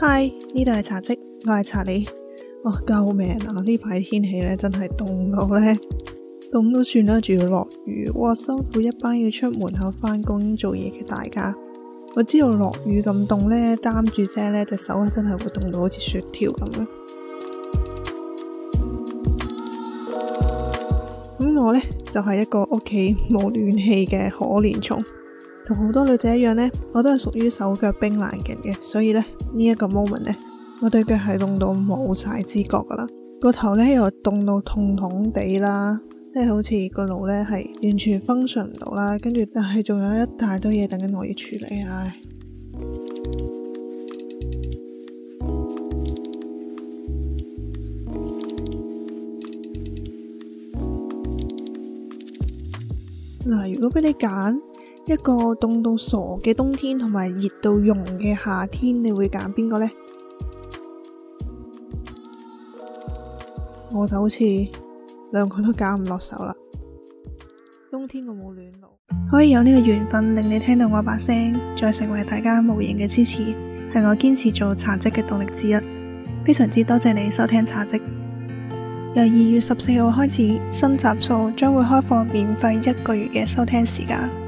嗨，i 呢度係茶嘖，我係茶理、哦。救命啊！呢排天氣真係凍到呢，凍都算啦，仲要落雨。哇、哦，辛苦一班要出門口返工做嘢嘅大家。我知道落雨咁凍呢，擔住遮呢隻手真係會凍到好似雪條咁樣。咁、嗯、我呢，就係、是、一個屋企冇暖氣嘅可憐蟲。同好多女仔一樣呢，我都係屬於手腳冰冷型嘅，所以呢，這個、呢一個 moment 呢，我對腳係凍到冇晒知覺噶啦，個頭呢又凍到痛痛地啦，即係好似個腦呢係完全 function 唔到啦，跟住但係仲有一大堆嘢等緊我要處理唉。嗱，如果畀你揀。一個凍到傻嘅冬天，同埋熱到溶嘅夏天，你會揀邊個呢？我就好似兩個都揀唔落手啦。冬天我冇暖爐，可以有呢個緣分令你聽到我把聲，再成為大家無形嘅支持，係我堅持做茶職嘅動力之一。非常之多謝你收聽茶職。由二月十四號開始，新集數將會開放免費一個月嘅收聽時間。